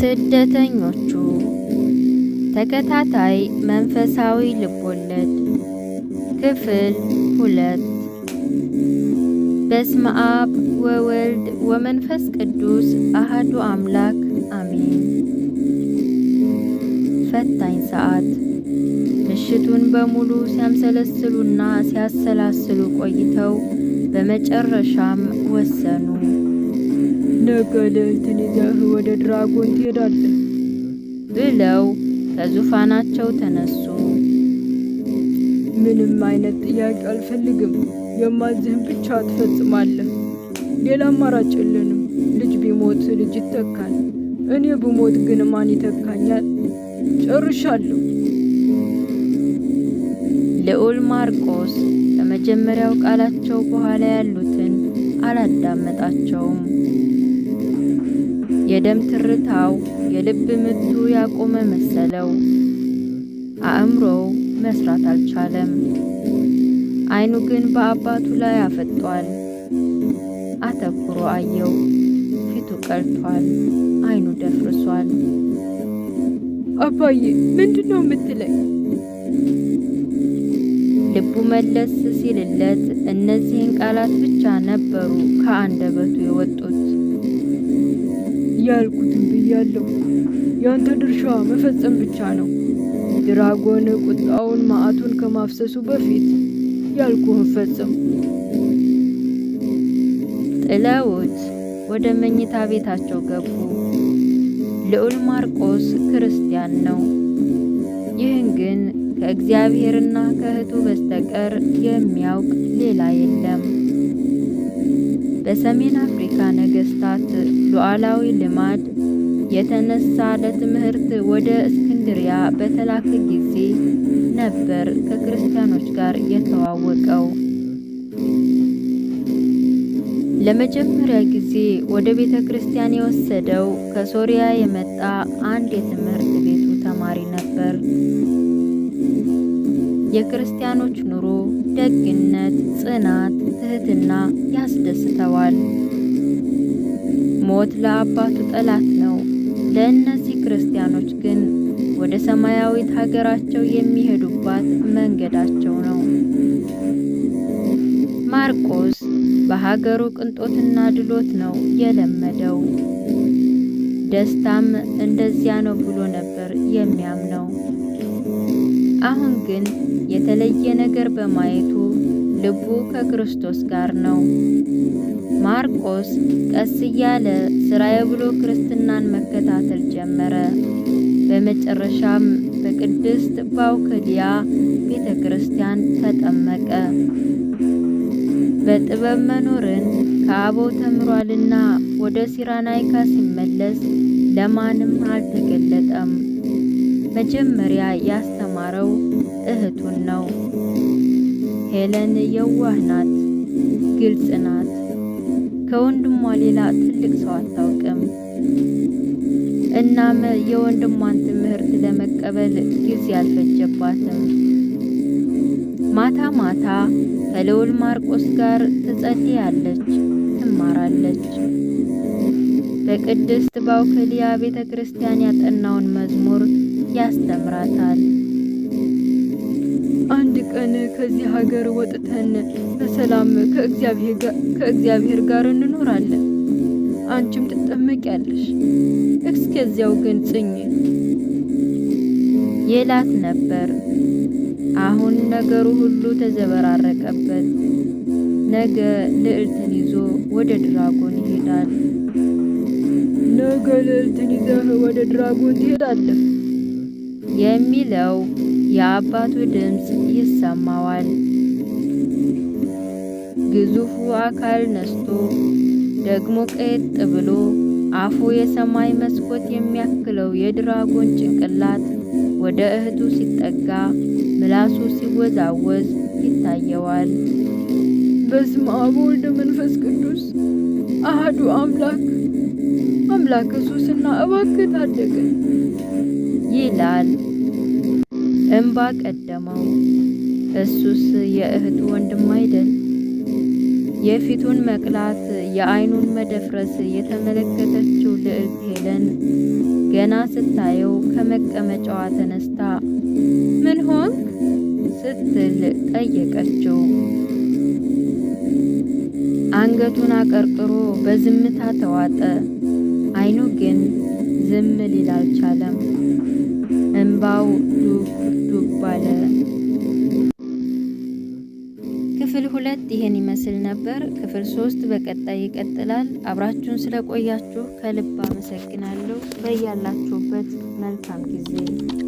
ስደተኞቹ ተከታታይ መንፈሳዊ ልቦለድ ክፍል ሁለት በስመ አብ ወወልድ ወመንፈስ ቅዱስ አህዱ አምላክ አሜን። ፈታኝ ሰዓት ምሽቱን በሙሉ ሲያምሰለስሉና ሲያሰላስሉ ቆይተው በመጨረሻም ወሰኑ። ነቀለትን ይዘህ ወደ ድራጎን ትሄዳለህ ብለው ከዙፋናቸው ተነሱ። ምንም አይነት ጥያቄ አልፈልግም። የማዝህን ብቻ ትፈጽማለህ። ሌላ አማራጭ የለንም። ልጅ ቢሞት ልጅ ይተካል። እኔ ብሞት ግን ማን ይተካኛል? ጨርሻለሁ። ልዑል ማርቆስ ከመጀመሪያው ቃላቸው በኋላ ያሉትን አላዳመጣቸውም። የደም ትርታው የልብ ምቱ ያቆመ መሰለው። አእምሮው መስራት አልቻለም። አይኑ ግን በአባቱ ላይ አፈጧል። አተኩሮ አየው። ፊቱ ቀልቷል። አይኑ ደፍርሷል። አባዬ ምንድን ነው የምትለኝ? ልቡ መለስ ሲልለት እነዚህን ቃላት ብቻ ነበሩ ከአንደበቱ የወጡት። ያልኩትን ብያለሁ። ያንተ ድርሻ መፈጸም ብቻ ነው። ድራጎን ቁጣውን ማዕቱን ከማፍሰሱ በፊት ያልኩህን ፈጽም። ጥለውት ወደ መኝታ ቤታቸው ገቡ። ልዑል ማርቆስ ክርስቲያን ነው። ይህን ግን ከእግዚአብሔርና ከእህቱ በስተቀር የሚያውቅ ሌላ የለም። በሰሜን አፍሪካ ነገስታት ሉዓላዊ ልማድ የተነሳ ለትምህርት ወደ እስክንድሪያ በተላከ ጊዜ ነበር ከክርስቲያኖች ጋር የተዋወቀው። ለመጀመሪያ ጊዜ ወደ ቤተ ክርስቲያን የወሰደው ከሶሪያ የመጣ አንድ የትምህርት ቤቱ ተማሪ ነበር። የክርስቲያኖች ኑሮ ደግነት፣ ጽናት፣ ትህትና ያስደስተዋል። ሞት ለአባቱ ጠላት ነው። ለእነዚህ ክርስቲያኖች ግን ወደ ሰማያዊት ሀገራቸው የሚሄዱባት መንገዳቸው ነው። ማርቆስ በሀገሩ ቅንጦትና ድሎት ነው የለመደው። ደስታም እንደዚያ ነው ብሎ ነበር የሚያምነው። አሁን ግን የተለየ ነገር በማየቱ ልቡ ከክርስቶስ ጋር ነው። ማርቆስ ቀስ እያለ ስራዬ ብሎ ክርስትናን መከታተል ጀመረ። በመጨረሻም በቅድስት ባውከሊያ ቤተ ክርስቲያን ተጠመቀ። በጥበብ መኖርን ከአበው ተምሯልና ወደ ሲራናይካ ሲመለስ ለማንም አልተገለጠም። መጀመሪያ ያስተ ያስተማረው እህቱን ነው። ሄለን የዋህ ናት፣ ግልጽ ናት። ከወንድሟ ሌላ ትልቅ ሰው አታውቅም። እናም የወንድሟን ትምህርት ለመቀበል ጊዜ አልፈጀባትም። ማታ ማታ ከልዑል ማርቆስ ጋር ትጸልያለች፣ ትማራለች። በቅድስት ባውክሊያ ቤተ ክርስቲያን ያጠናውን መዝሙር ያስተምራታል። ቀን ከዚህ ሀገር ወጥተን በሰላም ከእግዚአብሔር ጋር እንኖራለን። አንቺም ትጠመቂያለሽ። እስከዚያው ግን ጽኝ የላት ነበር። አሁን ነገሩ ሁሉ ተዘበራረቀበት። ነገ ልዕልትን ይዞ ወደ ድራጎን ይሄዳል። ነገ ልዕልትን ይዘህ ወደ ድራጎን ትሄዳለህ የሚለው የአባቱ ድምፅ ይሰማዋል። ግዙፉ አካል ነስቶ ደግሞ ቀጥ ብሎ አፉ የሰማይ መስኮት የሚያክለው የድራጎን ጭንቅላት ወደ እህቱ ሲጠጋ ምላሱ ሲወዛወዝ ይታየዋል። በስመ አብ ወወልድ ወመንፈስ ቅዱስ አህዱ አምላክ አምላክ ኢየሱስና እባክህ ታደገን ይላል። እንባ ቀደመው። እሱስ የእህቱ ወንድም አይደል? የፊቱን መቅላት የአይኑን መደፍረስ የተመለከተችው ልዕልት ሄለን ገና ስታየው ከመቀመጫዋ ተነስታ ምን ሆንክ ስትል ጠየቀችው። አንገቱን አቀርቅሮ በዝምታ ተዋጠ። አይኑ ግን ዝም ሊል አልቻለም። እንባው ዱብ ዱብ አለ። ክፍል ሁለት ይሄን ይመስል ነበር። ክፍል ሶስት በቀጣይ ይቀጥላል። አብራችሁን ስለቆያችሁ ከልብ አመሰግናለሁ። በያላችሁበት መልካም ጊዜ